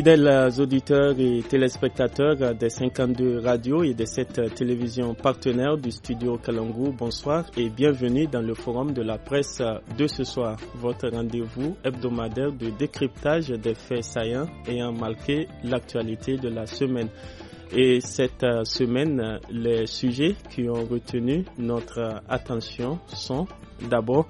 Fidèles auditeurs et téléspectateurs des 52 radios et de cette télévision partenaire du studio Kalangou, bonsoir et bienvenue dans le forum de la presse de ce soir, votre rendez-vous hebdomadaire de décryptage des faits saillants ayant marqué l'actualité de la semaine. Et cette semaine, les sujets qui ont retenu notre attention sont d'abord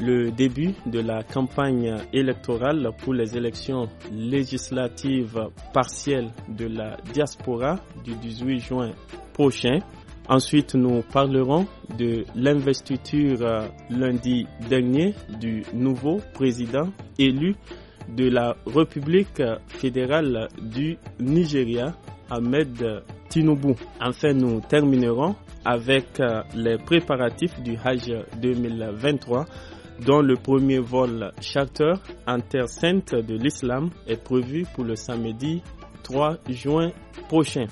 le début de la campagne électorale pour les élections législatives partielles de la diaspora du 18 juin prochain. Ensuite, nous parlerons de l'investiture euh, lundi dernier du nouveau président élu de la République fédérale du Nigeria, Ahmed Tinubu. Enfin, nous terminerons avec euh, les préparatifs du Hajj 2023 dont le premier vol charter en terre sainte de l'islam est prévu pour le samedi 3 juin prochain.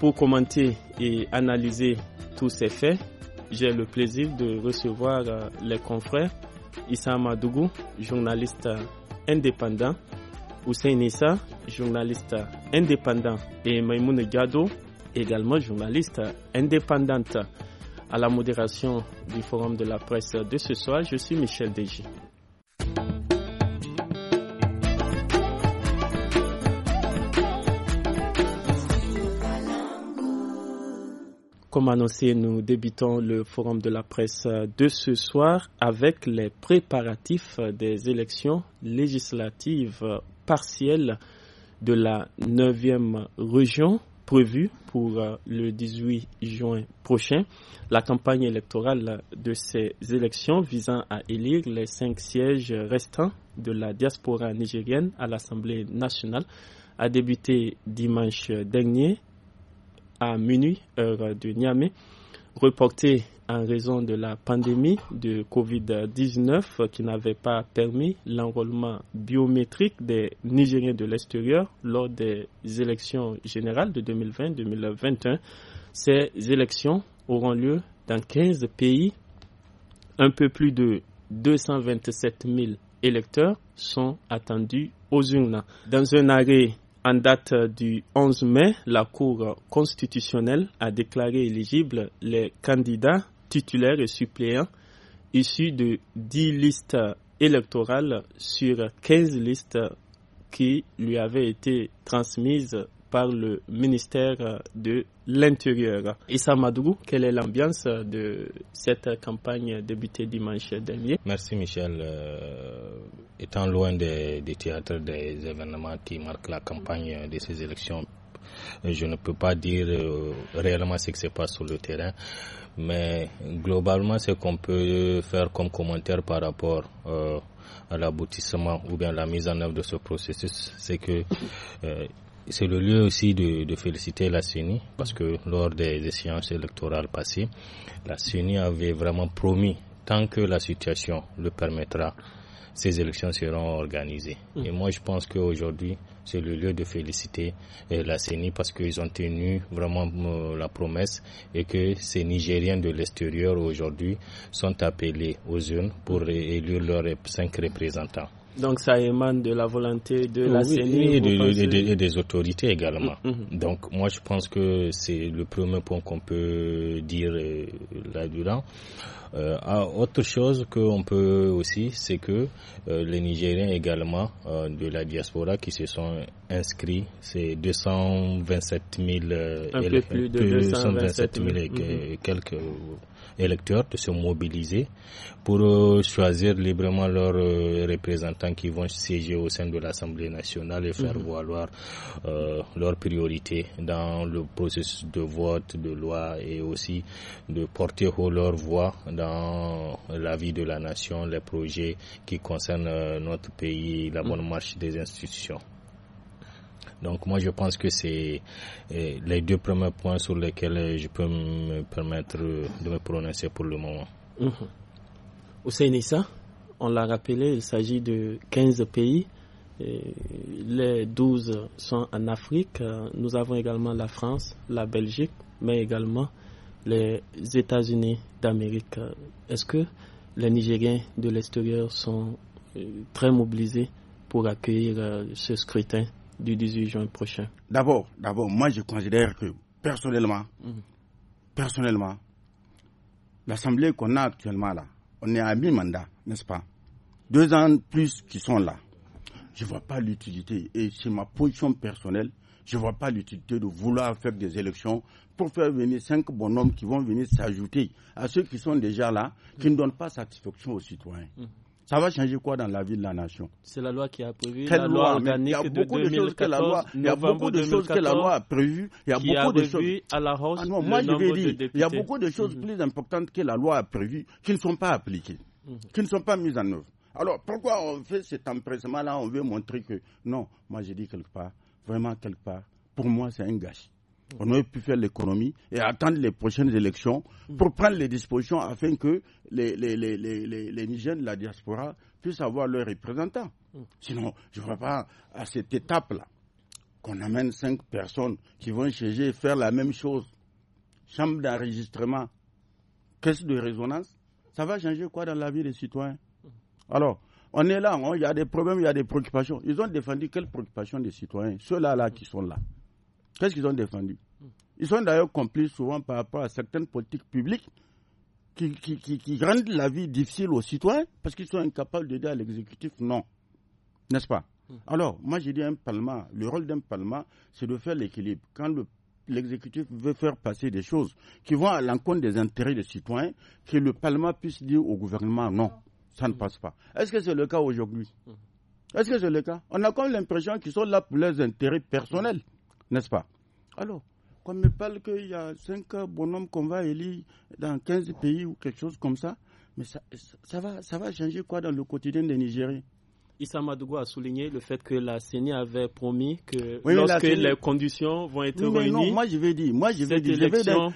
Pour commenter et analyser tous ces faits, j'ai le plaisir de recevoir euh, les confrères Issa Madougou, journaliste indépendant, Hussein Issa, journaliste indépendant, et Maïmoune Gado, également journaliste indépendante à la modération du Forum de la presse de ce soir. Je suis Michel Dégis. Comme annoncé, nous débutons le forum de la presse de ce soir avec les préparatifs des élections législatives partielles de la 9e région Prévu pour euh, le 18 juin prochain la campagne électorale euh, de ces élections visant à élire les cinq sièges restants de la diaspora nigérienne à l'Assemblée nationale a débuté dimanche dernier à minuit heure de Niamey. Reporté en raison de la pandémie de Covid-19 qui n'avait pas permis l'enrôlement biométrique des Nigériens de l'extérieur lors des élections générales de 2020-2021. Ces élections auront lieu dans 15 pays. Un peu plus de 227 000 électeurs sont attendus aux urnes. Dans un arrêt en date du 11 mai, la Cour constitutionnelle a déclaré éligibles les candidats titulaire et suppléant, issu de 10 listes électorales sur 15 listes qui lui avaient été transmises par le ministère de l'Intérieur. Issa Madrou, quelle est l'ambiance de cette campagne débutée dimanche dernier Merci Michel. Euh, étant loin des, des, théâtres, des événements qui marquent la campagne de ces élections, je ne peux pas dire euh, réellement ce qui se passe sur le terrain, mais globalement, ce qu'on peut faire comme commentaire par rapport euh, à l'aboutissement ou bien la mise en œuvre de ce processus, c'est que euh, c'est le lieu aussi de, féliciter la CENI parce que lors des, séances électorales passées, la CENI avait vraiment promis, tant que la situation le permettra, ces élections seront organisées. Mmh. Et moi, je pense qu'aujourd'hui, c'est le lieu de féliciter euh, la CENI parce qu'ils ont tenu vraiment euh, la promesse et que ces Nigériens de l'extérieur aujourd'hui sont appelés aux urnes pour élire leurs cinq représentants. Donc ça émane de la volonté de la CENI et, des, autorités également. Mm, mm. Donc moi je pense que c'est le premier point qu'on peut dire euh, là-dedans. Euh, ah, autre chose qu'on peut aussi, c'est que euh, les Nigériens également de la diaspora qui se sont inscrits, c'est 227 000, un peu plus de 227 000 et mm, quelques, électeurs de se mobiliser pour euh, choisir librement leurs euh, représentants qui vont siéger au sein de l'Assemblée nationale et faire mhm. valoir euh, leurs priorités dans le processus de vote de loi et aussi de porter haut leur voix dans la vie de la nation, les projets qui concernent notre pays, la bonne mhm. marche des institutions. Donc moi je pense que c'est euh, les deux premiers points sur lesquels euh, je peux me permettre de me prononcer pour le moment. Au mhm. ça, on l'a rappelé, il s'agit de 15 pays. les 12 sont en Afrique. Nous avons également la France, la Belgique, mais également les États-Unis d'Amérique. Est-ce que les Nigériens de l'extérieur sont euh, très mobilisés pour accueillir ce scrutin du 18 juin prochain D'abord, d'abord, moi je considère que personnellement, mhm. personnellement, l'assemblée qu'on a actuellement là, on est à mi-mandat, n'est-ce pas Deux ans plus qui sont là. Je ne vois pas l'utilité. Et c'est ma position personnelle. Je ne vois pas l'utilité de vouloir faire des élections pour faire venir cinq bonhommes qui vont venir s'ajouter à ceux qui sont déjà là, qui ne donnent pas satisfaction aux citoyens. Mhm. Ça va changer quoi dans la vie de la nation C'est la loi qui a prévu Quelle la loi, organique il y a beaucoup de, choses que la loi, y a beaucoup de choses que la loi a prévues. Il y a beaucoup de choses. À la hausse ah non, moi je vais dire, il y a beaucoup de choses mhm. plus importantes que la loi a prévues qui ne sont pas appliquées, mhm. qui ne sont pas mises en œuvre. Alors pourquoi on fait cet empressement-là On veut montrer que non, moi j'ai dit quelque part, vraiment quelque part, pour moi c'est un gâchis on aurait pu faire l'économie et attendre les prochaines élections pour prendre les dispositions afin que les, Nigènes de la diaspora puissent avoir leurs représentants. Sinon, je ne vois pas à cette étape-là qu'on amène cinq personnes qui vont chercher faire la même chose. Chambre d'enregistrement, caisse de résonance, ça va changer quoi dans la vie des citoyens Alors, on est là, hein, il y a des problèmes, il y a des préoccupations. Ils ont défendu quelles préoccupations des citoyens Ceux-là là, qui sont là. Qu'est-ce qu'ils ont défendu Ils sont d'ailleurs complices souvent par rapport à certaines politiques publiques qui, rendent la vie difficile aux citoyens parce qu'ils sont incapables de dire à l'exécutif. Non. N'est-ce pas hmm. Alors, moi j'ai dit un parlement, le rôle d'un parlement, c'est de faire l'équilibre. Quand l'exécutif veut faire passer des choses qui vont à l'encontre des intérêts des citoyens, que le parlement puisse dire au gouvernement non, ça ne hmm. passe pas. Est-ce que c'est le cas aujourd'hui hmm. Est-ce que c'est le cas On a comme l'impression qu'ils sont là pour leurs intérêts personnels n'est-ce pas Alors, quand on me parle qu'il y a cinq bonhommes qu'on va élire dans 15 pays ou quelque chose comme ça, mais ça, ça, va, ça va changer quoi dans le quotidien des Nigériens Issa Madougou a souligné le fait que la CENI avait promis que lorsque les conditions vont être mais réunies. Non, moi je vais dire, moi je vais dire,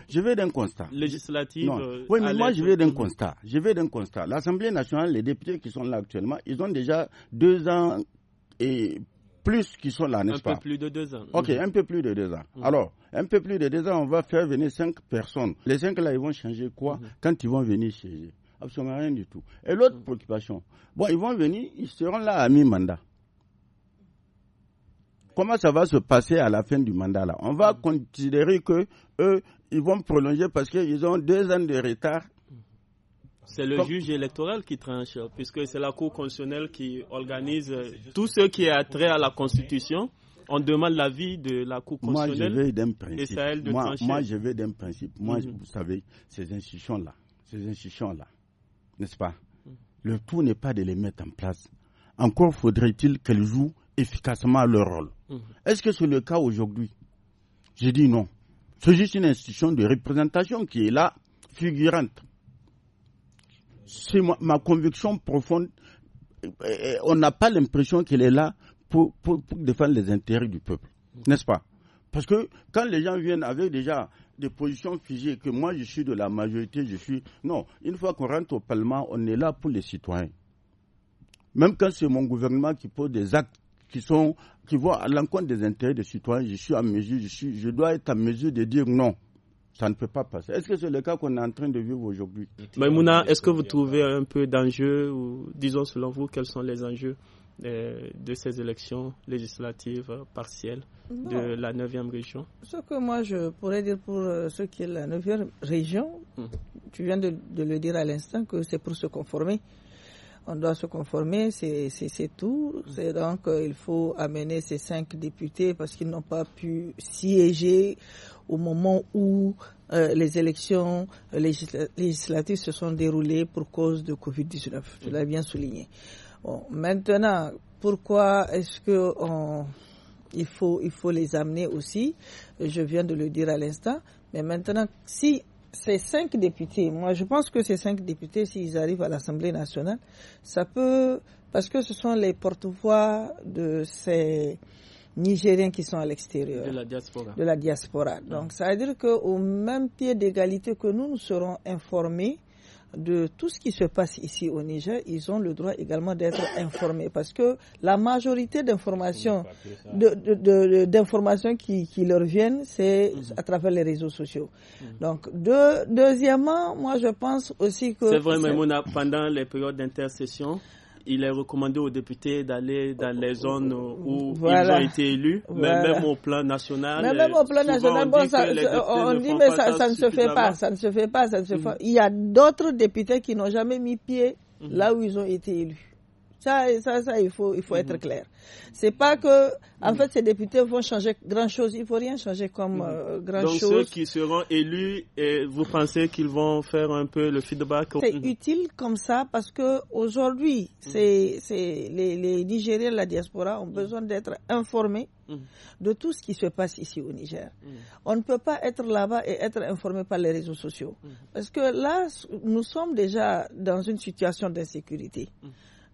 je vais d'un constat. législatif Non. Euh, oui, mais moi je vais d'un constat. Je vais d'un constat. L'Assemblée nationale, les députés qui sont là actuellement, ils ont déjà deux ans et plus qui sont là, n'est-ce pas mhm. Un peu plus de deux ans. Ok, un peu plus de deux ans. Alors, un peu plus de deux ans, on va faire venir cinq personnes. Les cinq là, ils vont changer quoi mhm. quand ils vont venir chez eux Absolument rien du tout. Et l'autre mhm. préoccupation, bon, ils vont venir, ils seront là à mi-mandat. Comment ça va se passer à la fin du mandat là On va considérer que eux, ils vont prolonger parce qu'ils ont deux ans de retard c'est le juge électoral qui tranche, hein, puisque c'est la Cour constitutionnelle qui organise euh, tout ce qui est attrait à la Constitution. On demande l'avis de la Cour constitutionnelle. Moi, je veux d'un principe. moi, je vais d'un principe. Moi, mhm. vous savez, ces institutions-là, ces institutions-là, n'est-ce pas mhm. Le tout n'est pas de les mettre en place. Encore faudrait-il qu'elles jouent efficacement leur rôle. Mhm. Est-ce que c'est le cas aujourd'hui Je dis non. C'est juste une institution de représentation qui est là, figurante c'est ma, conviction profonde. Euh, on n'a pas l'impression qu'il est là pour, défendre les intérêts du peuple, n'est-ce pas Parce que quand les gens viennent avec déjà des positions figées, que moi je suis de la majorité, je suis... Non, une fois qu'on rentre au Parlement, on est là pour les citoyens. Même quand c'est mon gouvernement qui pose des actes qui sont qui vont à l'encontre des intérêts des citoyens, je suis à mesure, je suis, je dois être à mesure de dire non. Ça ne peut pas passer. Est-ce que c'est le cas qu'on est en train de vivre aujourd'hui Maïmouna, est-ce que vous trouvez un peu d'enjeux ou disons selon vous quels sont les enjeux euh, de ces élections législatives euh, partielles de la 9e région Ce que moi je pourrais dire pour euh, ce qui est la 9e région, hum. tu viens de, le dire à l'instant que c'est pour se conformer. On doit se conformer, c'est tout. Hum. C'est donc il faut amener ces cinq députés parce qu'ils n'ont pas pu siéger au moment où euh, les élections euh, législatives se sont déroulées pour cause de Covid-19. Je l'ai bien souligné. maintenant, pourquoi est-ce que on, il, faut, il faut les amener aussi Je viens de le dire à l'instant. Mais maintenant, si ces cinq députés, moi je pense que ces cinq députés, s'ils arrivent à l'Assemblée nationale, ça peut, parce que ce sont les porte-voix de ces Nigériens qui sont à l'extérieur. De la diaspora. De la diaspora. Donc, ça veut dire qu'au même pied d'égalité que nous, nous serons informés de tout ce qui se passe ici au Niger, ils ont le droit également d'être informés parce que la majorité d'informations d'informations qui, leur viennent, c'est mhm. à travers les réseaux sociaux. Mhm. Donc, deuxièmement, moi je pense aussi que... C'est vrai, Maimouna, pendant les périodes d'intercession, il est recommandé aux députés d'aller dans oh, les oh, zones oh, où ils ont été élus, même au plan national. Mais même au plan national, on dit, mais ça, ne se fait pas, ça ne se mm. fait pas, ça Il y a d'autres députés qui n'ont jamais mis pied mm. là où ils ont été élus. Ça, ça, ça, il faut, il faut être mhm. clair. C'est pas que, en fait, ces députés vont changer grand chose. Il faut rien changer comme mhm. euh, grand chose. Donc, ceux qui seront élus, et vous pensez qu'ils vont faire un peu le feedback C'est mhm. utile comme ça parce que aujourd'hui, c'est, les, les Nigériens de la diaspora ont besoin d'être informés de tout ce qui se passe ici au Niger. On ne peut pas être là-bas et être informé par les réseaux sociaux. Parce que là, nous sommes déjà dans une situation d'insécurité.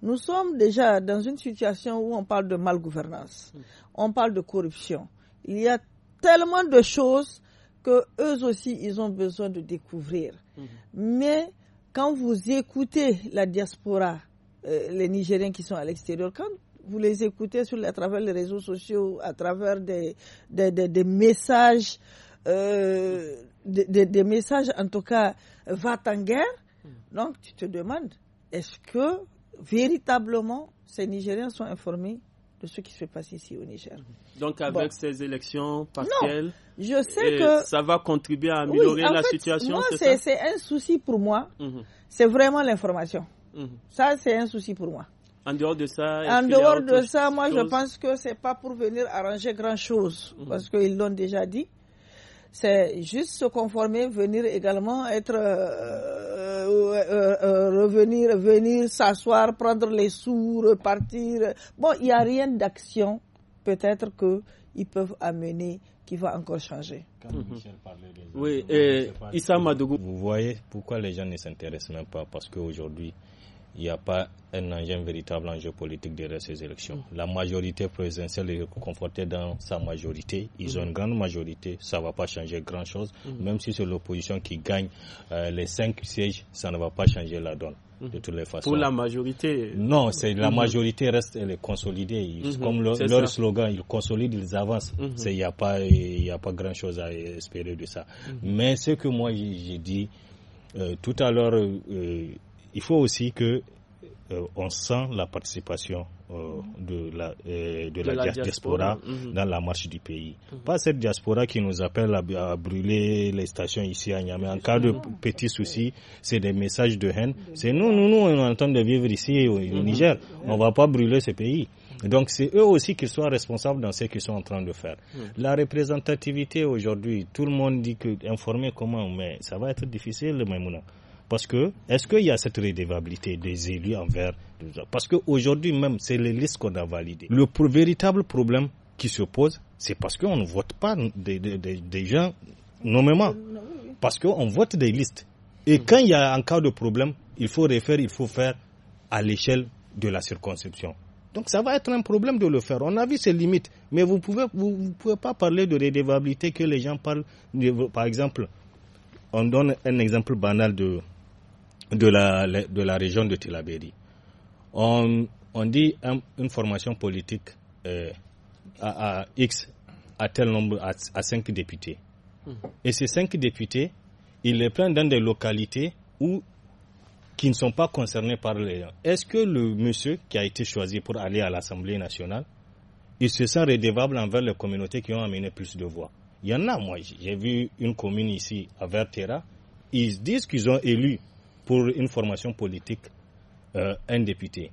Nous sommes déjà dans une situation où on parle de malgouvernance, mm. on parle de corruption. Il y a tellement de choses que eux aussi, ils ont besoin de découvrir. Mm. Mais quand vous écoutez la diaspora, euh, les Nigériens qui sont à l'extérieur, quand vous les écoutez sur, à travers les réseaux sociaux, à travers des, des, messages, euh, des, messages en tout cas, va Va-t'en guerre, mm. donc tu te demandes, est-ce que véritablement, ces Nigériens sont informés de ce qui se passe ici au Niger. Donc avec ces élections partielles, je sais que ça va contribuer à améliorer la situation. c'est un souci pour moi. Mhm. C'est vraiment l'information. Mhm. Ça, c'est un souci pour moi. En dehors de ça, en dehors de ça, moi, je pense que c'est pas pour venir arranger grand chose mhm. parce qu'ils l'ont déjà dit c'est juste se conformer, venir également être, euh, euh, euh, revenir, venir s'asseoir, prendre les sous, repartir. Bon, il n'y a rien d'action peut-être qu'ils peuvent amener qui va encore changer. Quand mhm. des oui, et Issa Vous voyez pourquoi les gens ne s'intéressent même pas parce qu'aujourd'hui, il n'y a pas un enjeu, un véritable enjeu politique derrière ces élections. La majorité présidentielle est confortée dans sa majorité. Ils ont une grande majorité. Ça ne va pas changer grand-chose. Mm-hmm. Même si c'est l'opposition qui gagne euh, les cinq sièges, ça ne va pas changer la donne mm-hmm. de toutes les façons. Pour la majorité Non, c'est la mm-hmm. majorité reste elle est consolidée. comme leur slogan, ils consolident, ils avancent. Il n'y a pas, a pas grand-chose à espérer de ça. Mais ce que moi j'ai dit euh, tout à l'heure, euh, il faut aussi que euh, on sent la participation euh, euh, de la, diaspora, mm-hmm. dans la marche du pays. Mm-hmm. Pas cette diaspora qui nous appelle à, brûler les stations ici à Niamey. En cas de petit souci, c'est des messages de haine. Mm-hmm. C'est nous, nous, nous, on est en train de vivre ici au, Niger. On va pas brûler ce pays. Donc c'est eux aussi qui sont responsables dans ce qu'ils sont en train de faire. La représentativité aujourd'hui, tout le monde dit que informer comment, mais ça va être difficile, Maïmouna. Parce que, est-ce qu'il y a cette redevabilité des élus envers les Parce qu'aujourd'hui même, c'est les listes qu'on a validées. Le véritable problème qui se pose, c'est parce qu'on ne vote pas des, gens nommément. Parce qu'on vote des listes. Et mm. quand il y a un cas de problème, il faut refaire, il faut faire à l'échelle de la circonscription. Donc ça va être un problème de le faire. On a vu ses limites, mais vous pouvez vous, pouvez pas parler de redevabilité que les gens parlent. par exemple, on donne un exemple banal de de la, de la région de Tilaberi. On, on dit une formation politique euh, à, X, à tel nombre, à, à cinq députés. Mhm. Et ces cinq députés, ils les prennent dans des localités où, qui ne sont pas concernées par les... Est-ce que le monsieur qui a été choisi pour aller à l'Assemblée nationale, il se sent redevable envers les communautés qui ont amené plus de voix Il y en a, moi, j'ai vu une commune ici, à Vertera, ils disent qu'ils ont élu pour une formation politique euh, un député.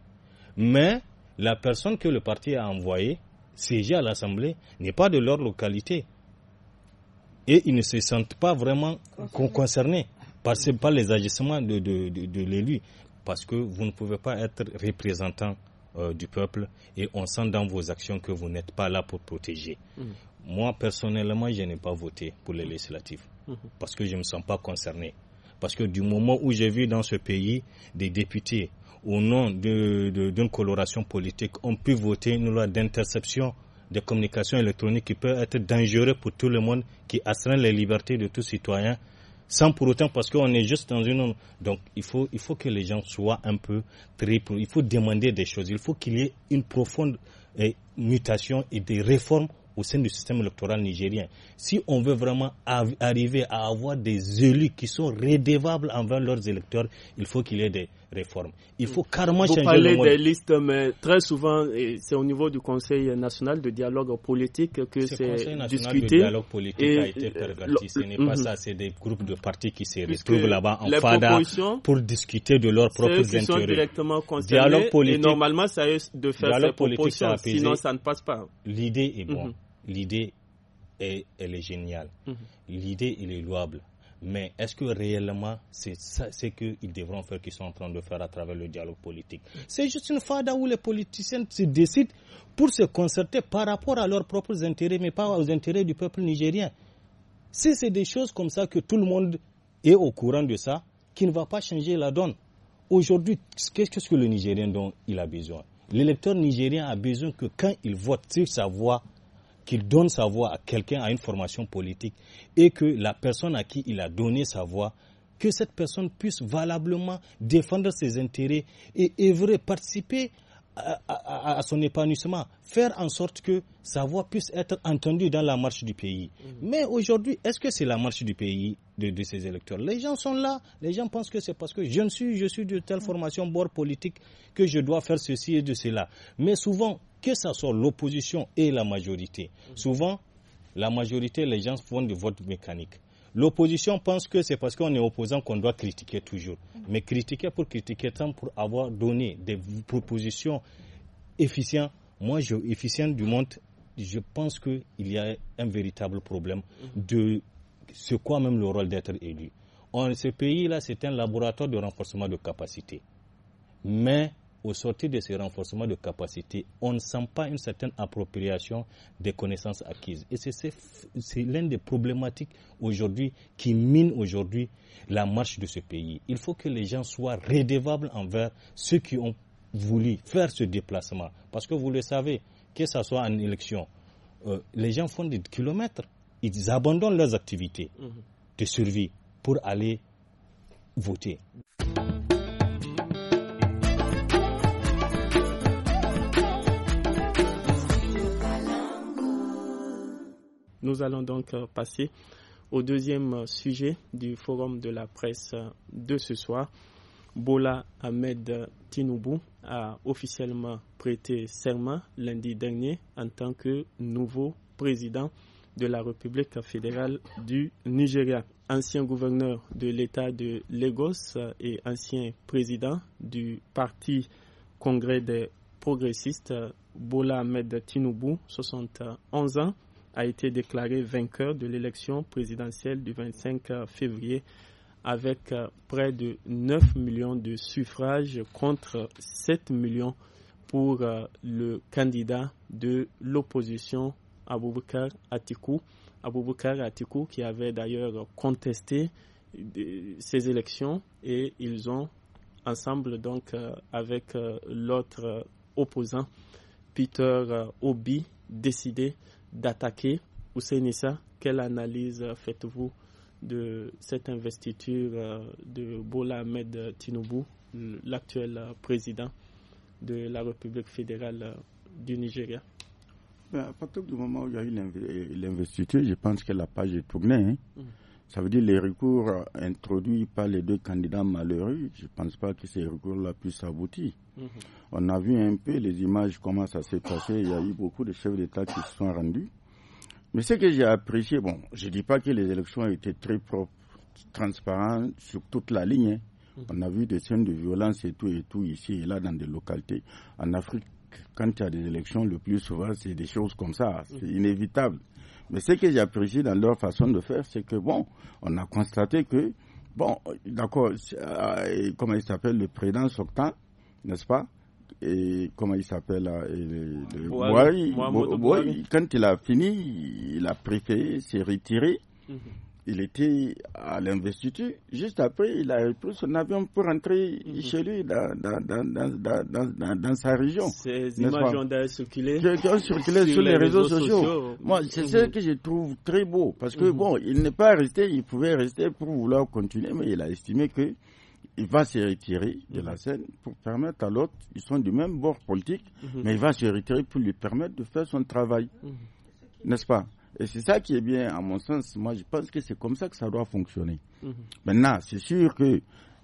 Mais la personne que le parti a envoyée siéger à l'Assemblée n'est pas de leur localité. Et ils ne se sentent pas vraiment concernés, par, les agissements de, l'élu. Parce que vous ne pouvez pas être représentant euh, du peuple et on sent dans vos actions que vous n'êtes pas là pour protéger. Mm-hmm. Moi, personnellement, je n'ai pas voté pour les législatives mm-hmm. parce que je ne me sens pas concerné. Parce que du moment où j'ai vu dans ce pays des députés, au nom d'une coloration politique, ont pu voter une loi d'interception des communications électroniques qui peut être dangereuse pour tout le monde, qui astreint les libertés de tout citoyens, sans pour autant parce qu'on est juste dans une donc il faut il faut que les gens soient un peu triples il faut demander des choses il faut qu'il y ait une profonde eh, mutation et des réformes au sein du système électoral nigérien. Si on veut vraiment arriver à avoir des élus qui sont redevables envers leurs électeurs, il faut qu'il y ait des réformes. Il faut carrément changer le mode. des listes, mais très souvent, c'est au niveau du Conseil national de dialogue politique que c'est discuté. Le Conseil national de dialogue politique a été perverti. Ce n'est pas mhm. ça, c'est des groupes de partis qui se retrouvent là-bas en FADA pour discuter de leurs propres intérêts. Sont directement concernés dialogue politique, et normalement, ça est de faire ces propositions, sinon ça ne passe pas. L'idée est bonne. Mhm l'idée, est, elle est géniale. Mhm. L'idée, elle est louable. Mais est-ce que réellement c'est ce qu'ils devront faire qu'ils sont en train de faire à travers le dialogue politique C'est juste une fada où les politiciens se décident pour se concerter par rapport à leurs propres intérêts, mais pas aux intérêts du peuple nigérien. Si c'est des choses comme ça que tout le monde est au courant de ça, qui ne va pas changer la donne. Aujourd'hui, qu'est-ce que le Nigérien dont il a besoin L'électeur nigérien a besoin que quand il vote sur sa voix, qu'il donne sa voix à quelqu'un, à une formation politique, et que la personne à qui il a donné sa voix, que cette personne puisse valablement défendre ses intérêts et œuvrer, participer à, son épanouissement, faire en sorte que sa voix puisse être entendue dans la marche du pays. Mmh. Mais aujourd'hui, est-ce que c'est la marche du pays de, de ces électeurs Les gens sont là, les gens pensent que c'est parce que je ne suis, je suis de telle mmh. formation bord politique que je dois faire ceci et de cela. Mais souvent, que ce soit l'opposition et la majorité. Mhm. Souvent, la majorité, les gens font du vote mécanique. L'opposition pense que c'est parce qu'on est opposant qu'on doit critiquer toujours. Mhm. Mais critiquer pour critiquer tant pour avoir donné des propositions efficientes, moi, je, efficient du monde, je pense qu'il y a un véritable problème mhm. de ce quoi même le rôle d'être élu. En, ce pays-là, c'est un laboratoire de renforcement de capacité. Mais au sortir de ces renforcements de capacité, on ne sent pas une certaine appropriation des connaissances acquises. Et c'est l'une des problématiques aujourd'hui qui mine aujourd'hui la marche de ce pays. Il faut que les gens soient redevables envers ceux qui ont voulu faire ce déplacement. Parce que vous le savez, que ce soit en élection, euh, les gens font des kilomètres, ils abandonnent leurs activités mhm. de survie pour aller voter. Nous allons donc euh, passer au deuxième euh, sujet du forum de la presse euh, de ce soir. Bola Ahmed Tinubu a officiellement prêté serment lundi dernier en tant que nouveau président de la République fédérale du Nigeria. Ancien gouverneur de l'État de Lagos et ancien président du parti Congrès des progressistes, Bola Ahmed Tinubu, 71 ans, a été déclaré vainqueur de l'élection présidentielle du 25 euh, février avec euh, près de 9 millions de suffrages contre 7 millions pour euh, le candidat de l'opposition Abubakar Atikou. Abubakar Atikou qui avait d'ailleurs contesté ces élections et ils ont ensemble donc avec l'autre opposant Peter Obi décidé d'attaquer Nissa, Quelle analyse faites-vous de cette investiture euh, de Bola Ahmed Tinubu, l'actuel euh, président de la République fédérale euh, du Nigeria ben, À partir du moment où il y a eu l'investiture, je pense que la page est tournée. Hein. Mm. Ça veut dire les recours introduits par les deux candidats malheureux, je ne pense pas que ces recours-là puissent aboutir. Mhm. On a vu un peu les images, comment ça s'est passé. Il y a eu beaucoup de chefs d'État qui se sont rendus. Mais ce que j'ai apprécié, bon, je ne dis pas que les élections ont été très propres, transparentes sur toute la ligne. Hein. Mhm. On a vu des scènes de violence et tout et tout ici et là dans des localités. En Afrique, quand il y a des élections, le plus souvent, c'est des choses comme ça. C'est mhm. inévitable. Mais ce que j'ai apprécié dans leur façon de faire, c'est que, bon, on a constaté que, bon, d'accord, euh, comment il s'appelle, le président Soctan, n'est-ce pas et comment il s'appelle Boy, quand il a fini, il a préféré s'est retiré. Mhm il était à l'investiture. Juste après, il a pris son avion pour rentrer mhm. chez lui dans, sa région. Ces images ont circulé, sur, les, réseaux, sociaux. Moi, c'est mhm. ce que je trouve très beau. Parce que, mhm. bon, il n'est pas resté, il pouvait rester pour vouloir continuer, mais il a estimé que il va se retirer de la scène pour permettre à l'autre, ils sont du même bord politique, mais il va se retirer pour lui permettre de faire son travail. N'est-ce pas et c'est ça qui est bien, à mon sens. Moi, je pense que c'est comme ça que ça doit fonctionner. Mhm. Maintenant, c'est sûr que,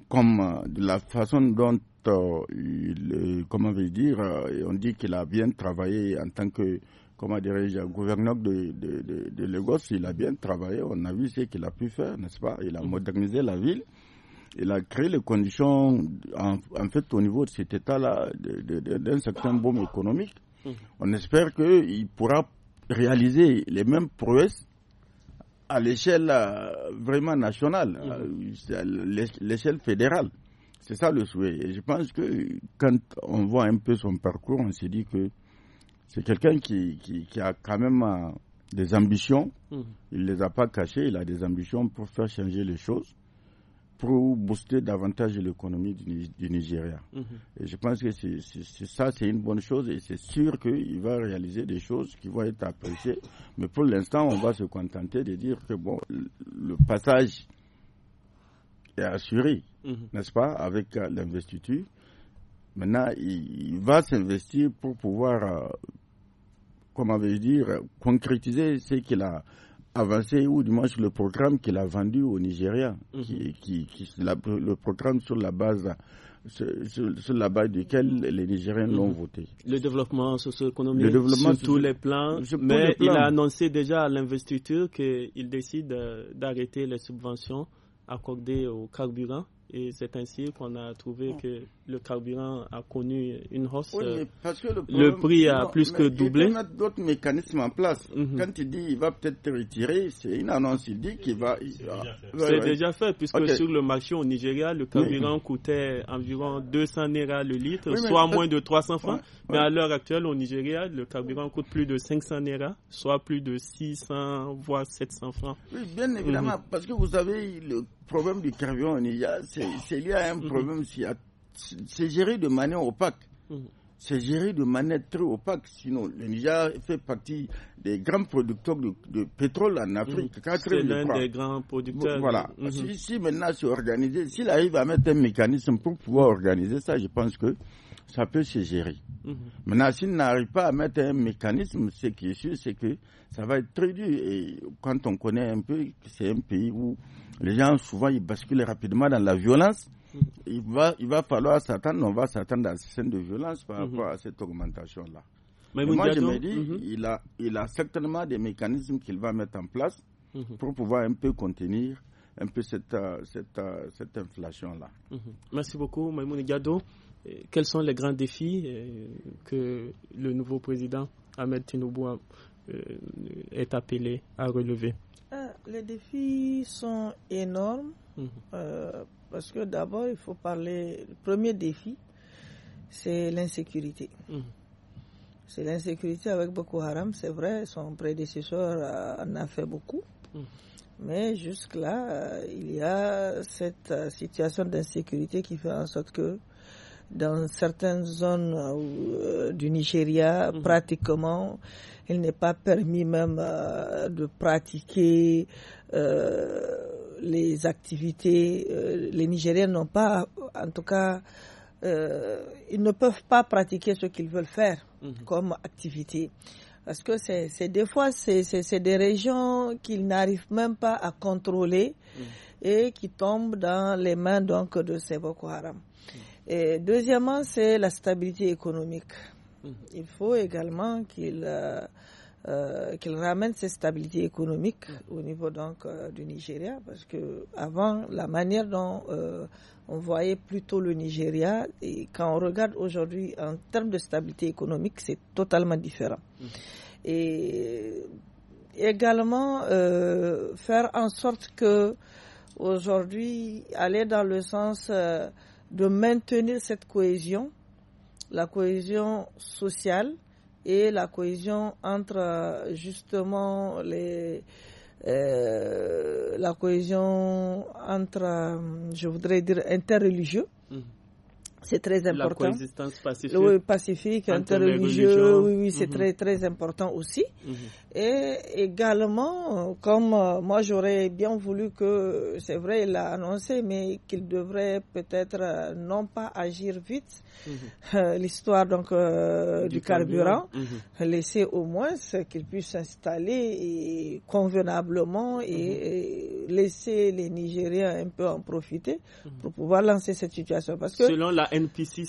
comme euh, de la façon dont, euh, il, euh, comment dire, on dit qu'il a bien travaillé en tant que, comment dirais-je, gouverneur de, de, Lagos, il a bien travaillé. On a vu ce qu'il a pu faire, n'est-ce pas Il a mhm. modernisé la ville. Il a créé les conditions, en, fait, au niveau de cet État-là, d'un certain boom économique. Mhm. On espère qu'il pourra réaliser les mêmes prouesses à l'échelle euh, vraiment nationale, mhm. euh, à l'échelle fédérale. C'est ça le souhait. Et je pense que quand on voit un peu son parcours, on se dit que c'est quelqu'un qui, a quand même euh, des ambitions. Mhm. Il ne les a pas cachées, il a des ambitions pour faire changer les choses pour booster davantage l'économie du, Nigeria. Mhm. Et je pense que c'est, ça, c'est une bonne chose et c'est sûr qu'il va réaliser des choses qui vont être appréciées. Mais pour l'instant, on va se contenter de dire que bon, le passage est assuré, mhm. n'est-ce pas, avec euh, l'investiture. Maintenant, il, va s'investir pour pouvoir, euh, comment veux je dire, concrétiser ce qu'il a Avancé ou du moins sur le programme qu'il a vendu au Nigeria, mhm. qui, le programme sur la base sur, la base duquel les Nigériens mhm. l'ont voté. Le développement socio-économique sur tous les plans, mais il a annoncé déjà à l'investiture qu'il décide euh, d'arrêter les subventions accordées au carburant et c'est ainsi qu'on a trouvé que le carburant a connu une hausse. Euh, le, prix a plus que doublé. Il y a d'autres mécanismes en place. Mhm. Quand il dit il va peut-être retirer, c'est une annonce. Il dit qu'il va. C'est déjà, fait, puisque sur le marché au Nigeria, le carburant coûtait environ 200 naira le litre, soit moins de 300 francs. Mais à l'heure actuelle, au Nigeria, le carburant coûte plus de 500 naira, soit plus de 600 voire 700 francs. bien évidemment, mhm. parce que vous avez le problème du carburant au Nigeria, c'est lié à un mhm. problème mm a c'est géré de manière opaque. Mmh. C'est géré de manière très opaque. Sinon, le Niger fait partie des grands producteurs de, pétrole en Afrique. Mmh. C'est l'un des grands producteurs. Voilà. Mmh. Si, si, maintenant c'est organisé, s'il arrive à mettre un mécanisme pour pouvoir organiser ça, je pense que ça peut se gérer. Mmh. Maintenant, s'il n'arrive pas à mettre un mécanisme, ce qui est sûr, c'est que ça va être très dur. Et quand on connaît un peu, c'est un pays où les gens, souvent, ils basculent rapidement dans la violence il, va, il va falloir s'attendre, on va s'attendre à ces scènes de violence par mhm. rapport à cette augmentation-là. Mais moi, je me dis, mhm. il, a, il a certainement des mécanismes qu'il va mettre en place mhm. pour pouvoir un peu contenir un peu cette, euh, cette, euh, cette inflation-là. Merci beaucoup, Maïmoun Gado. Quels sont les grands défis euh, que le nouveau président Ahmed Tinubu est appelé à relever Les défis sont énormes. Parce que d'abord, il faut parler. Le premier défi, c'est l'insécurité. Mhm. C'est l'insécurité avec Boko Haram, c'est vrai, son prédécesseur en a fait beaucoup. Mhm. Mais jusque-là, euh, il y a cette euh, situation d'insécurité qui fait en sorte que dans certaines zones euh, du Nigeria, mhm. pratiquement, il n'est pas permis même de pratiquer les activités, euh, les Nigériens n'ont pas, en tout cas, euh, ils ne peuvent pas pratiquer ce qu'ils veulent faire mhm. comme activité. Parce que c'est des fois, c'est des régions qu'ils n'arrivent même pas à contrôler mhm. et qui tombent dans les mains donc de ces Boko Haram. Mhm. Et deuxièmement, c'est la stabilité économique. Il faut également qu'ils euh, euh, qu'il ramène cette stabilité économique au niveau donc euh, du Nigeria, parce que avant la manière dont euh, on voyait plutôt le Nigeria, et quand on regarde aujourd'hui en termes de stabilité économique, c'est totalement différent. Mm. Et également euh, faire en sorte que aujourd'hui aller dans le sens de maintenir cette cohésion, la cohésion sociale et la cohésion entre euh, justement les, euh, la cohésion entre, euh, je voudrais dire, interreligieux, mm-hmm. C'est très important. La coexistence pacifique. Oui, pacifique, interreligieux, oui, c'est mhm. très, très important aussi. Mhm. Et également, comme euh, moi j'aurais bien voulu que, c'est vrai, il a annoncé, mais qu'il devrait peut-être euh, non pas agir vite, mhm. euh, l'histoire donc du, carburant, laisser au moins qu'il puisse s'installer convenablement et, laisser les Nigériens un peu en profiter pour pouvoir lancer cette situation. Parce que, NPC,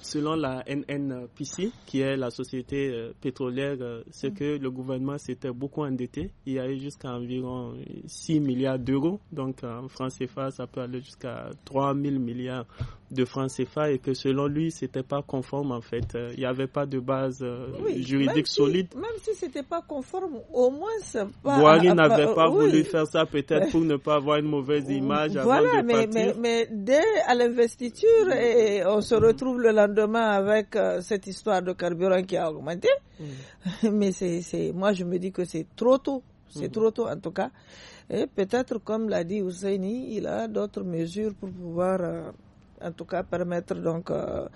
selon la NNPC, qui est la société euh, pétrolière, euh, c'est mm. que le gouvernement s'était beaucoup endetté. Il y a eu jusqu'à environ 6 milliards d'euros. Donc en France, CFA, ça peut aller jusqu'à 3 000 milliards de France CFA et que selon lui, c'était pas conforme en fait. Euh, il n'y avait pas de base euh, juridique solide. Même si c'était pas conforme, au moins ça n'avait pas voulu faire ça peut-être pour ne pas avoir une mauvaise image. Voilà, mais, mais, dès à l'investiture, mm. et on se retrouve le lendemain avec euh, cette histoire de carburant qui a augmenté. Mm. Mais c'est, moi je me dis que c'est trop tôt. C'est mm. trop tôt en tout cas. Et peut-être, comme l'a dit Ousseini, il a d'autres mesures pour pouvoir en tout cas permettre donc euh,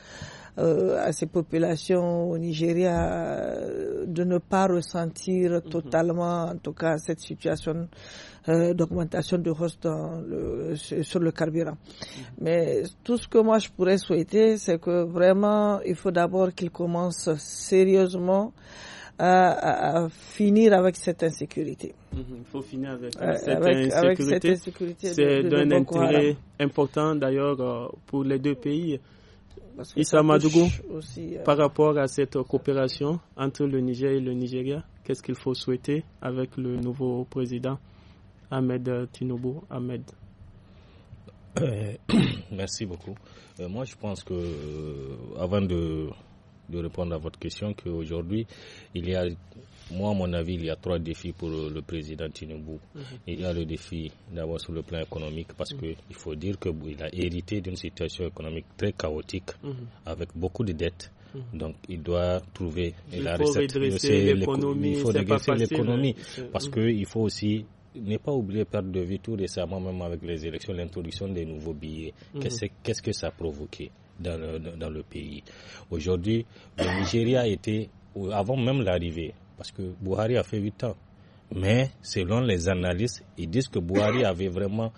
euh, à ces populations au Nigeria euh, de ne pas ressentir mhm. totalement, en tout cas, cette situation d'augmentation du host sur le carburant. Mhm. Mais tout ce que moi je pourrais souhaiter, c'est que vraiment, il faut d'abord qu'ils commencent sérieusement à, finir avec cette insécurité. Mhm, il faut finir avec, euh, cette, insécurité. C'est d'un intérêt important d'ailleurs euh, pour les deux pays. Issa Madougou, aussi, euh, par rapport à cette coopération entre le Niger et le Nigeria, qu'est-ce qu'il faut souhaiter avec le nouveau président Ahmed Tinubu Ahmed Merci beaucoup. moi, je pense que avant de de répondre à votre question qu'aujourd'hui, il y a, moi à mon avis, il y a trois défis pour le président Tinubu. Mhm. Il y a le défi d'abord sur le plan économique parce qu'il mhm. que il faut dire qu'il a hérité d'une situation économique très chaotique mhm. avec beaucoup de dettes. Donc, il doit trouver il faut redresser l'économie. Il faut redresser l'économie. Hein, parce qu'il faut aussi ne pas oublier perdre de vue tout récemment, même avec les élections, l'introduction des nouveaux billets. Qu'est-ce que ça a provoqué dans le, dans le pays. Aujourd'hui, le Nigeria était, avant même l'arrivée, parce que Buhari a fait 8 ans, mais selon les analystes, ils disent que Buhari avait vraiment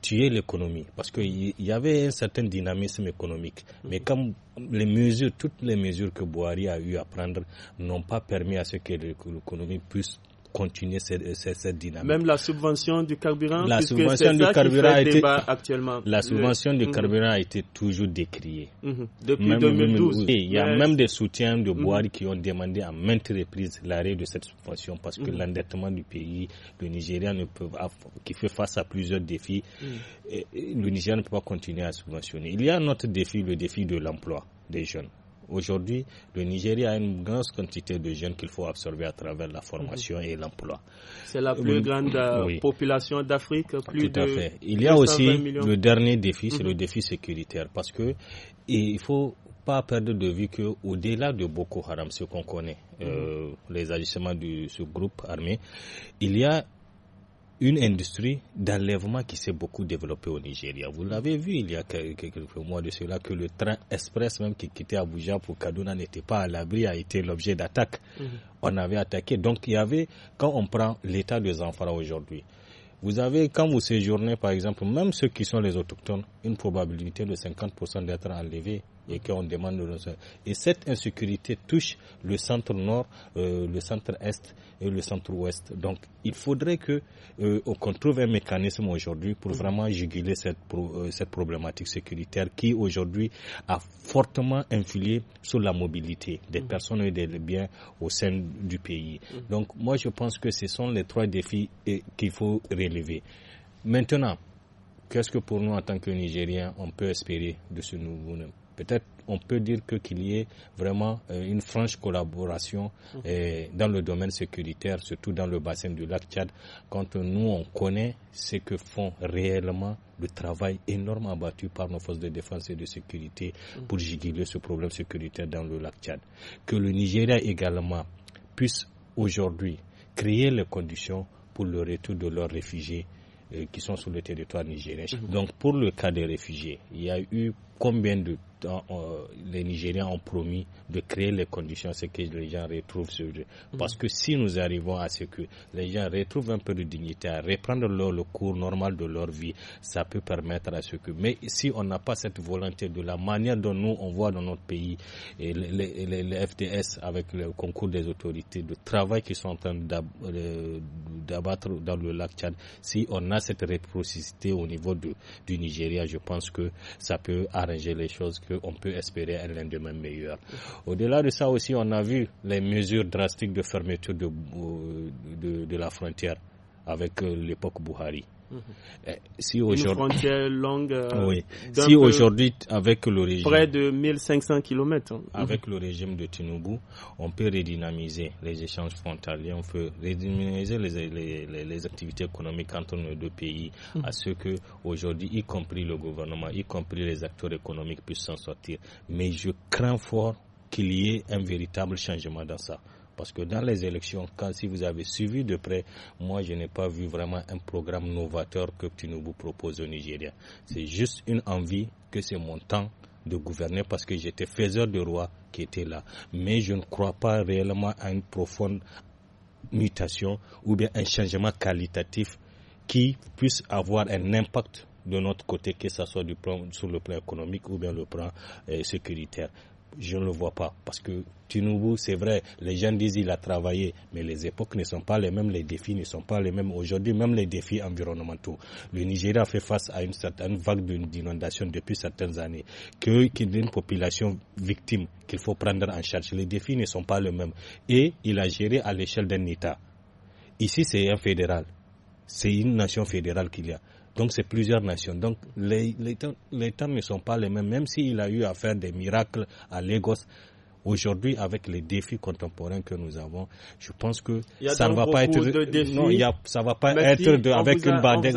tué l'économie parce qu'il y avait un certain dynamisme économique. Mais comme les mesures, toutes les mesures que Buhari a eu à prendre n'ont pas permis à ce que l'économie puisse continuer cette, cette, dynamique. Même la subvention du carburant, la subvention du carburant a été actuellement. La subvention du mhm. carburant a été toujours décriée. Mhm. Depuis 2012. il y a même des soutiens de mhm. Boari qui ont demandé à maintes reprises l'arrêt de cette subvention parce que l'endettement du pays, le Nigeria ne peut qui fait face à plusieurs défis, le Nigeria ne peut pas continuer à subventionner. Il y a un autre défi, le défi de l'emploi des jeunes. Aujourd'hui, le Nigeria a une grande quantité de jeunes qu'il faut absorber à travers la formation mhm. et l'emploi. C'est la plus grande euh, population d'Afrique. Plus Tout à fait. Il y a aussi le dernier défi, c'est le mhm. défi sécuritaire, parce que il faut pas perdre de vue que au-delà de Boko Haram, ce qu'on connaît, mhm. euh, les agissements de ce groupe armé, il y a une industrie d'enlèvement qui s'est beaucoup développée au Nigeria. Vous l'avez vu il y a quelques mois de cela que le train express même qui quittait Abuja pour Kaduna n'était pas à l'abri, a été l'objet d'attaque. Mhm. On avait attaqué. Donc il y avait, quand on prend l'état des enfants aujourd'hui, vous avez, quand vous séjournez par exemple, même ceux qui sont les autochtones, une probabilité de 50% d'être enlevés et qu'on demande Et cette insécurité touche le centre nord, euh, le centre est et le centre ouest. Donc il faudrait que euh, qu'on trouve un mécanisme aujourd'hui pour mm. vraiment juguler cette, euh, cette problématique sécuritaire qui aujourd'hui a fortement influé sur la mobilité des mm. personnes et des biens au sein du pays. Mm. Donc moi je pense que ce sont les trois défis qu'il faut relever. Maintenant, qu'est-ce que pour nous en tant que Nigériens on peut espérer de ce nouveau Peut-être on peut dire que qu'il y ait vraiment euh, une franche collaboration mhm. euh, dans le domaine sécuritaire, surtout dans le bassin du lac Tchad, quand nous on connaît ce que font réellement le travail énorme abattu par nos forces de défense et de sécurité mhm. pour juguler ce problème sécuritaire dans le lac Tchad. Que le Nigeria également puisse aujourd'hui créer les conditions pour le retour de leurs réfugiés euh, qui sont sur le territoire nigérien. Mhm. Donc pour le cas des réfugiés, il y a eu combien de les Nigériens ont promis de créer les conditions, ce que les gens retrouvent ce jeu. Mm. Parce que si nous arrivons à ce que les gens retrouvent un peu de dignité, à reprendre le cours normal de leur vie, ça peut permettre à ce que. Mais si on n'a pas cette volonté de la manière dont nous, on voit dans notre pays, et les, les, FTS avec le concours des autorités, de travail qui sont en train d'abattre dans le lac Tchad, si on a cette réprocité au niveau du Nigeria, je pense que ça peut arranger les choses on peut espérer un lendemain meilleur. Au-delà de ça aussi, on a vu les mesures drastiques de fermeture de, euh, de la frontière avec euh, l'époque Bouhari. Mm-hmm. Eh, si aujourd'hui, euh, oui. si aujourd'hui avec le régime, près de 1500 km. Hein. Mm-hmm. Avec le régime de Tinubu, on peut redynamiser les échanges frontaliers, on peut redynamiser les, activités économiques entre nos deux pays, mm-hmm. à ce que aujourd'hui, y compris le gouvernement, y compris les acteurs économiques puissent s'en sortir. Mais je crains fort qu'il y ait un véritable changement dans ça. Parce que dans les élections, quand si vous avez suivi de près, moi je n'ai pas vu vraiment un programme novateur que nous propose au Nigeria. C'est juste une envie que c'est mon temps de gouverner parce que j'étais faiseur de roi qui était là. Mais je ne crois pas réellement à une profonde mutation ou bien un changement qualitatif qui puisse avoir un impact de notre côté, que ce soit du sur le plan économique ou bien le plan euh, sécuritaire je ne le vois pas. Parce que Tinubu, c'est vrai, les gens disent qu'il a travaillé, mais les époques ne sont pas les mêmes, les défis ne sont pas les mêmes. Aujourd'hui, même les défis environnementaux. Le Nigeria fait face à une certaine vague d'inondations depuis certaines années. Qu'il y ait une population victime qu'il faut prendre en charge. Les défis ne sont pas les mêmes. Et il a géré à l'échelle d'un État. Ici, c'est un fédéral. C'est une nation fédérale qu'il y a. Donc c'est plusieurs nations. Donc les, les, temps, les temps ne sont pas les mêmes, même s'il a eu à faire des miracles à Lagos. Aujourd'hui, avec les défis contemporains que nous avons, je pense que ça ne va pas être non, il y a, ça va pas être avec une baguette,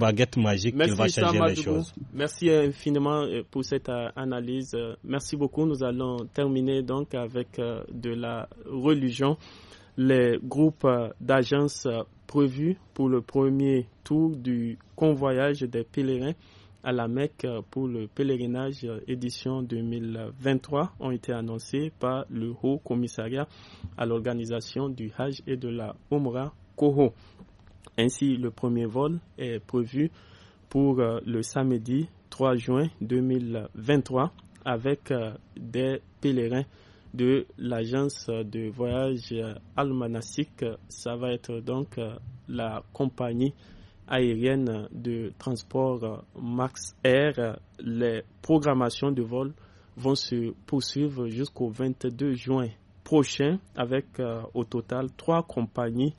baguette magique qui va changer les choses. Merci infiniment euh, pour cette euh, analyse. Euh, merci beaucoup. Nous allons terminer donc avec de la religion les groupes euh, d'agences euh, prévus pour le premier tour du convoyage des pèlerins à la Mecque euh, pour le pèlerinage édition 2023 ont été annoncés par le Haut Commissariat à l'organisation du Hajj et de la Omra Koho. Ainsi, le premier vol est prévu pour le samedi 3 juin 2023 avec des pèlerins de l'agence de voyage Almanasik. Ça va être donc euh, la compagnie aérienne de transport euh, Max Air. Les programmations de vol vont se poursuivre jusqu'au 22 juin prochain avec euh, au total trois compagnies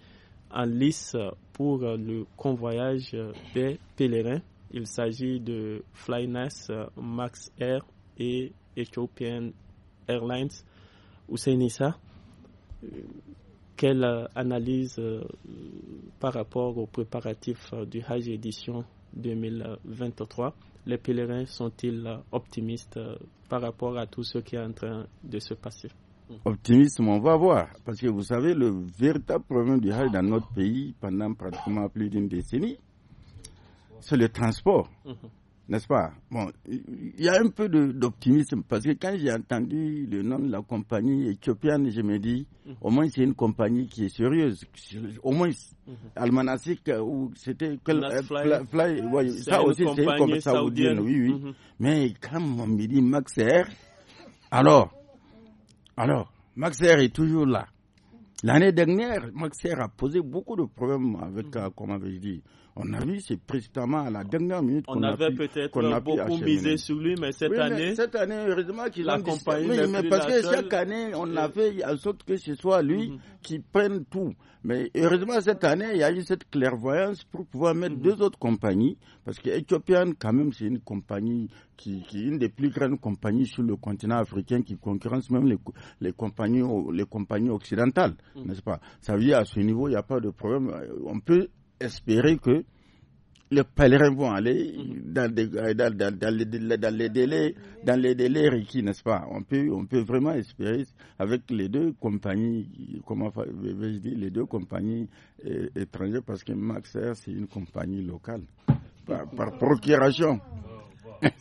en lice pour le convoyage des pèlerins. Il s'agit de Flyness Max Air et Ethiopian Airlines. Nissa, euh, quelle analyse euh, par rapport au préparatif euh, du Hajj édition 2023 Les pèlerins sont-ils optimistes par rapport à tout ce qui est en train de se passer Optimisme, on va voir. Parce que vous savez, le véritable problème du Hajj dans notre pays pendant pratiquement plus d'une décennie, c'est le transport. Mhm n'est-ce pas Bon, il y a un peu d'optimisme parce que quand j'ai entendu le nom de la compagnie éthiopienne, je me dis, mhm. au moins c'est une compagnie qui est sérieuse. Au moins, mhm. Almanacic, euh, ou c'était euh, Fly, ça aussi c'est une compagnie saoudienne, oui, oui. Mhm. Mais quand on me dit Maxer, alors, alors, Maxer est toujours là. L'année dernière, Maxer a posé beaucoup de problèmes avec, euh, comment vais-je dire, on a vu, c'est précisément à la dernière minute qu'on a avait peut-être beaucoup misé sur lui, mais cette année. cette année, heureusement qu'il a accompagné. Oui, mais parce que chaque année, on a euh. fait en sorte que ce soit lui mm-hmm. qui prenne tout. Mais heureusement, cette année, il y a eu cette clairvoyance pour pouvoir mettre mm-hmm. deux autres compagnies. Parce que Ethiopian, quand même, c'est une compagnie qui, est une des plus grandes compagnies sur le continent africain qui concurrence même les, compagnies, les compagnies occidentales, mm. n'est-ce pas Ça veut dire à ce niveau, il n'y a pas de problème. Euh, on peut espérer que les pèlerins vont aller mhm. dans, euh, dans, les, délais, dans les délais requis, n'est-ce pas on peut, on peut vraiment espérer avec les deux compagnies, comment les deux compagnies euh, étrangères, parce que Max c'est une compagnie locale, par, procuration.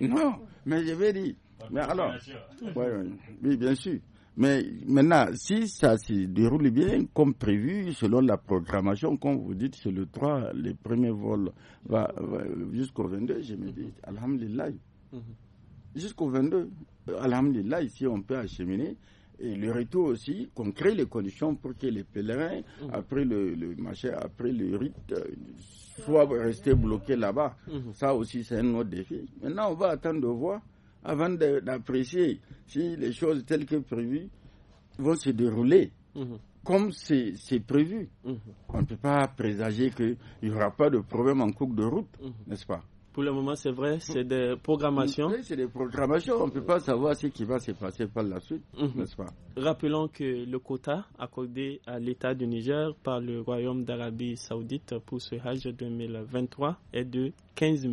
non, mais je vais dire. Mais alors, oui bien sûr. Mais maintenant, si ça se déroule bien comme prévu, selon la programmation, comme vous dites, c'est le 3, le premier vol va, jusqu'au 22, je me dis, Alhamdulillah. Mhm. Jusqu'au 22, Alhamdulillah, ici on peut acheminer. Et le retour aussi, qu'on crée les conditions pour que les pèlerins, mhm. après le, le après le rite, soient restés bloqués là-bas. Mhm. Ça aussi, c'est un autre défi. Maintenant, on va attendre de voir avant d'apprécier si les choses telles que prévues vont se dérouler mhm. comme c'est prévu. Mhm. On ne peut pas présager qu'il n'y aura pas de problème en cours de route, mhm. n'est-ce pas pour le moment, c'est vrai, c'est des programmations. Oui, c'est des programmations. On ne peut pas savoir ce qui va se passer par la suite, n'est-ce pas Rappelons que le quota accordé à l'État du Niger par le Royaume d'Arabie Saoudite pour ce Hajj 2023 est de 15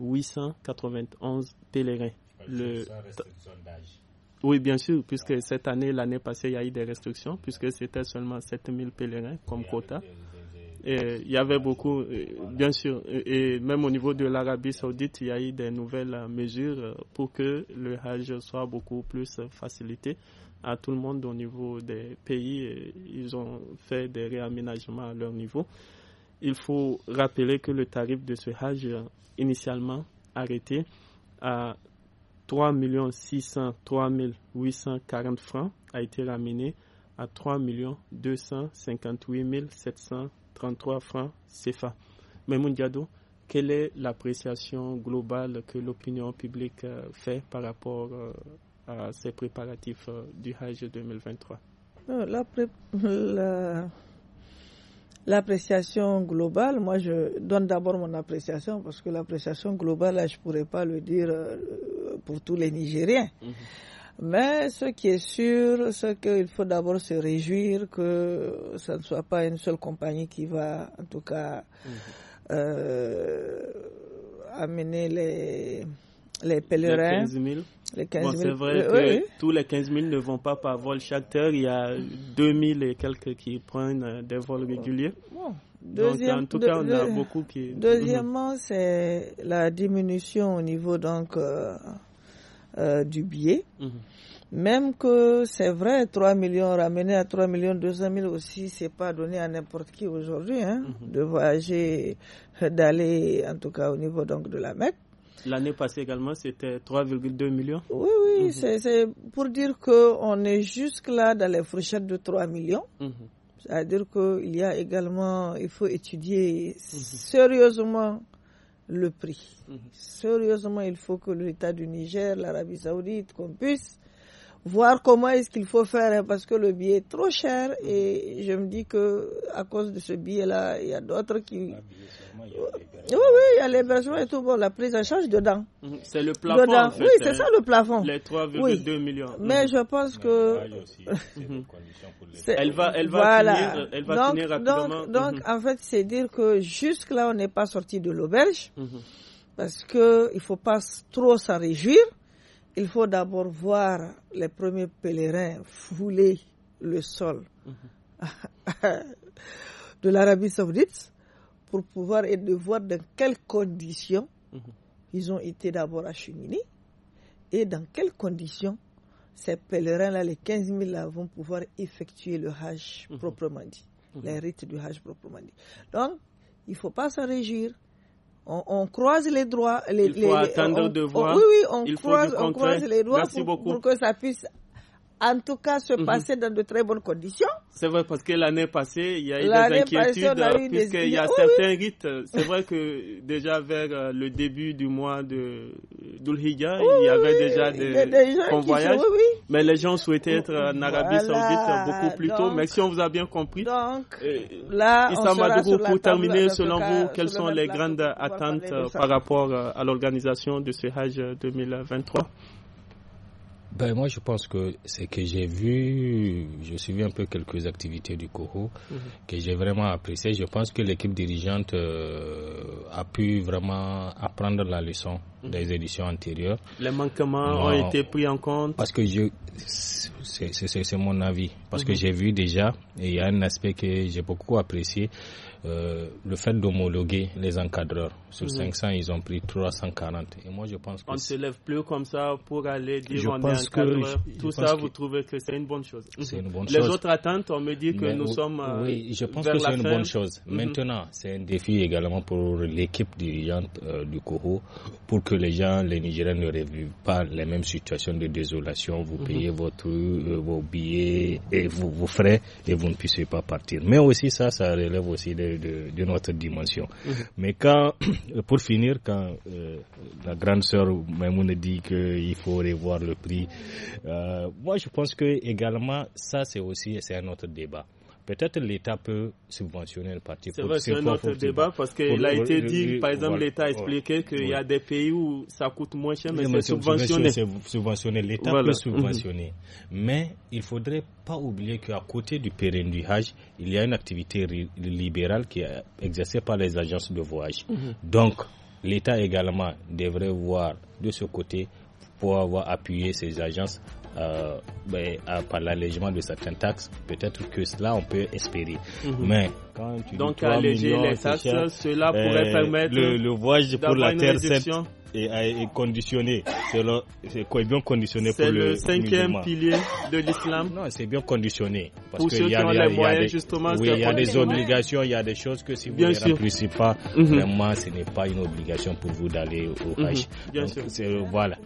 891 pèlerins le... Oui, bien sûr, puisque cette année, l'année passée, il y a eu des restrictions, puisque c'était seulement 7000 pèlerins comme quota. Et il y avait beaucoup, euh, bien sûr, et même au niveau de l'Arabie saoudite, il y a eu des nouvelles euh, mesures euh, pour que le Hajj soit beaucoup plus facilité à tout le monde au niveau des pays. Ils ont fait des réaménagements à leur niveau. Il faut rappeler que le tarif de ce Hajj, initialement arrêté à 3 603 840 francs a été ramené à 3 258 733 francs CFA. Mais Diado, quelle est l'appréciation globale que l'opinion publique euh, fait par rapport euh, à ces préparatifs euh, du Hajj 2023 la, la, L'appréciation globale, moi je donne d'abord mon appréciation parce que l'appréciation globale, je ne pourrais pas le dire euh, pour tous les Nigériens. Mhm. Mais ce qui est sûr, c'est qu'il faut d'abord se réjouir que ce ne soit pas une seule compagnie qui va, en tout cas, mhm. euh, amener les les pèlerins. Les 15 000. c'est vrai que tous les 15 000 ne vont pas par vol chaque heure. Il y a 2 000 et quelques qui prennent euh, des vols réguliers. donc, en tout cas, on a beaucoup qui. Deuxièmement, c'est la diminution au niveau donc euh, euh, du billet. Mhm. Même que c'est vrai, 3 millions, ramenés à 3 millions 200 000 aussi, c'est pas donné à n'importe qui aujourd'hui, hein, mhm. de voyager, d'aller, en tout cas au niveau donc de la Mecque. L'année passée également, c'était 3,2 millions. Oui, oui, mhm. c'est pour dire qu'on est jusque-là dans les fourchettes de 3 millions. Mhm. C'est-à-dire qu'il y a également, il faut étudier mhm. sérieusement le prix. Sérieusement, il faut que l'État du Niger, l'Arabie Saoudite, qu'on puisse voir comment est-ce qu'il faut faire hein, parce que le billet est trop cher et je me dis que à cause de ce billet là il y a d'autres qui ah, oui oui il y a l'hébergement et tout bon la prise en charge dedans mhm. c'est le plafond oui c'est ça le plafond les 3,2 millions mais mhm. je pense que elle va elle va tenir, elle va donc, tenir rapidement mhm. donc, en fait c'est dire que jusque là on n'est pas sorti de l'auberge parce que il faut pas trop s'en réjouir il faut d'abord voir les premiers pèlerins fouler le sol de l'Arabie saoudite pour pouvoir et de voir dans quelles conditions ils ont été d'abord acheminés et dans quelles conditions ces pèlerins-là, les 15 000 là, vont pouvoir effectuer le Hajj mhm. proprement dit, mhm. les rites du Hajj proprement dit. Donc, il ne faut pas s'en réjouir on, on, croise les droits. Les, il faut les, attendre on, oui, oui, on, croise, on croise, les droits pour, que ça puisse en tout cas se mhm. passer dans de très bonnes conditions. C'est vrai, parce que l'année passée, il y a eu des inquiétudes, puisqu'il y a certains rites. C'est vrai que déjà vers euh, le début du mois de il y avait déjà des, mais les gens souhaitaient être en Arabie Saoudite beaucoup plus tôt. Mais si on vous a bien compris, donc, s'en euh, va Issa pour terminer, selon vous, quelles sont les grandes attentes euh, par rapport à l'organisation de ce Hajj 2023 ben moi je pense que c'est que j'ai vu, je vu un peu quelques activités du Coro mhm. que j'ai vraiment apprécié. Je pense que l'équipe dirigeante euh, a pu vraiment apprendre la leçon mhm. des éditions antérieures. Les manquements ont été pris en compte. Parce que je, c'est mon avis. Parce que mhm. j'ai vu déjà et il y a un aspect que j'ai beaucoup apprécié. Euh, le fait d'homologuer les encadreurs. Sur 500, ils ont pris 340. Et moi, je pense que... On ne se lève plus comme ça pour aller dire on est encadreur. Que, Tout ça, vous trouvez que c'est une bonne chose. C'est une bonne les chose. Les autres attentes, on me dit que nous sommes... Euh, oui, je pense que c'est une bonne chose. Mhm. Maintenant, c'est un défi également pour l'équipe dirigeante euh, du Coho pour que les gens, les Nigériens ne revivent pas les mêmes situations de désolation. Vous mhm. payez votre, vos billets et vos, vos frais et vous ne puissiez pas partir. Mais aussi ça, ça relève aussi des de, notre dimension. Mhm. Mais quand, pour finir, quand euh, la grande sœur Maimoune dit qu'il faut revoir le prix, euh, moi je pense que également ça c'est aussi c'est un autre débat. Peut-être l'État peut subventionner le parti. C'est vrai, c'est un autre débat parce qu'il a été dit, par exemple, l'État a expliqué qu'il y a des pays où ça coûte moins cher, mais c'est subventionné. subventionné. L'État peut subventionner. Mais il ne faudrait pas oublier qu'à côté du pérennage, il y a une activité libérale qui est exercée par les agences de voyage. Mhm. Donc, l'État également devrait voir de ce côté pour avoir appuyé ces agences euh, euh, par l'allègement de certaines taxes, peut-être que cela on peut espérer. Mhm. Mais quand donc alléger les taxes, cela pourrait euh, permettre le, voyage pour la terre est, conditionné. C'est bien conditionné pour le, cinquième pilier de l'islam. Non, c'est bien conditionné. Parce que y a, justement. il y a des obligations, il y a des choses que si vous ne pas, mhm. vraiment, ce n'est pas une obligation pour vous d'aller au mhm. Hajj. Bien sûr. Voilà.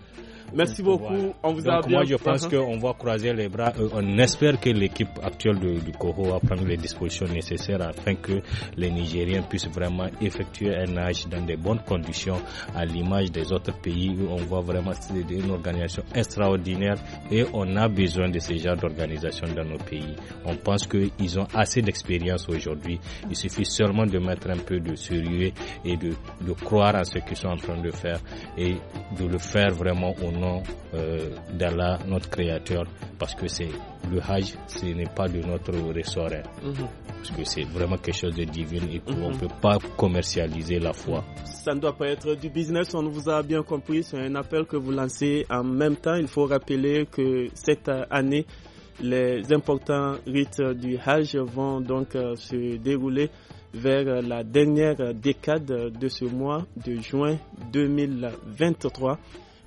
Merci beaucoup. On vous Moi, je pense qu'on va croiser les bras. Euh, on espère que l'équipe actuelle du Coho va prendre les dispositions nécessaires afin que les Nigériens puissent vraiment effectuer un âge dans des bonnes conditions, à l'image des autres pays où on voit vraiment une organisation extraordinaire et on a besoin de ce genre d'organisation dans nos pays. On pense qu'ils ont assez d'expérience aujourd'hui. Il suffit seulement de mettre un peu de sérieux et de, de croire en ce qu'ils sont en train de faire et de le faire vraiment au nom euh, dans d'Allah, notre Créateur, parce que c'est le Hajj, ce n'est pas de notre ressort. Mhm. Parce que c'est vraiment quelque chose de divin et on ne mhm. peut pas commercialiser la foi. Ça ne doit pas être du business, on vous a bien compris. C'est un appel que vous lancez en même temps. Il faut rappeler que cette euh, année, les importants rites du Hajj vont donc euh, se dérouler vers la dernière décade de ce mois de juin 2023.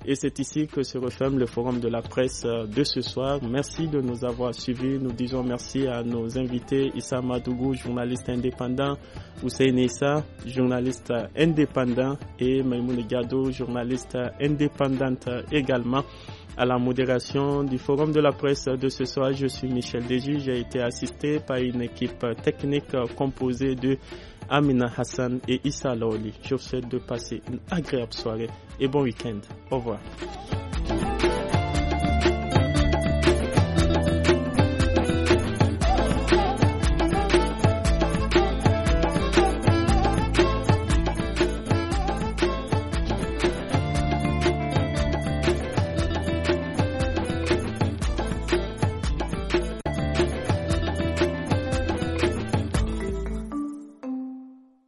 Et c'est ici que se referme le forum de la presse euh, de ce soir. Merci de nous avoir suivis. Nous disons merci à nos invités Issa Madougou, journaliste indépendant, Hussein Issa, journaliste euh, indépendant et Maïmoune Gado, journaliste euh, indépendante également. À la modération du forum de la presse de ce soir, je suis Michel Déjus. J'ai été assisté par une équipe technique composée de Amina Hassan et Issa Laoli. Je vous souhaite de passer une agréable soirée et bon week-end. Au revoir.